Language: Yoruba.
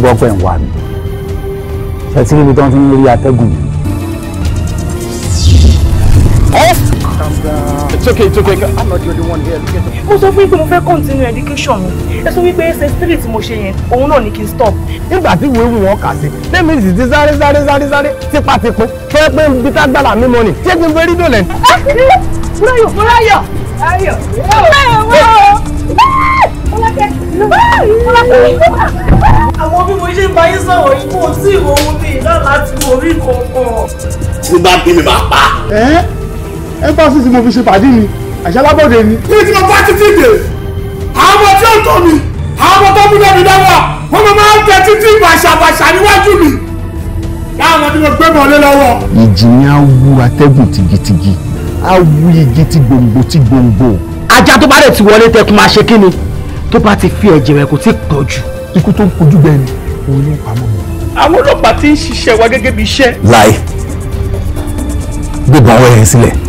mo gbọ́ ń wà mí ṣe níbi tó ń ti ń rí atẹ́gùn It's okay, it's okay. I'm not the only one here. Mo sọ fún yín pé mo fẹ́ continue education mi. Ẹ sọ wípé ṣe spirit mo ṣe yẹn, òun náà ni kí n stop. Nígbà tí ìwé wù wọ́n kà sí, lẹ́mi sì ti sáré sáré sáré sáré tipatipo. Fẹ́ pé ibi tá gbàlà mi mọ́ ni. Ṣé kí n fẹ́ rí dòlẹ̀? Múláyọ̀ Múláyọ̀ Ayọ̀ Múláyọ̀ wọ́ọ̀. Múláyọ̀ Múláyọ̀ ṣe ń báyé sọ̀rọ̀ yìí kò sí ìròhun ní ìdá láti orí kankan. tí ó bá bí mi máa pa. ẹ ẹ bá sísè mo fi ṣe pàdé mi àṣà alábọ̀dé ni. ní ti mo bá títí dè àwọn ọmọ tí ó tọ̀ mi àwọn ọmọ tó mú lẹ́mi lọ́wọ́ wọ́n mọ̀ máa ń tẹ títí bàṣàbàṣà níwájú mi láwọn tí mo gbé mọ́ lọ́wọ́. ìjì ni a wú atẹ́gùn tigitigi a wú igi ti gbòǹgbò ti gbòǹgbò. ajá tó bá lè ti wọlé tẹkùn máa ṣe kí ni tó bá ti fi ẹ̀jẹ̀ rẹ̀ kò tí ì pọ̀ jù ikú tó ń kojú bẹ́ẹ̀ ni òun ló pa mọ́ mi. àwọn ọlọ́pàá ti ń ṣiṣẹ́ wa gẹ́gẹ́ bí iṣẹ́. láì gbogbo àwọn ẹ̀yìn sílẹ̀.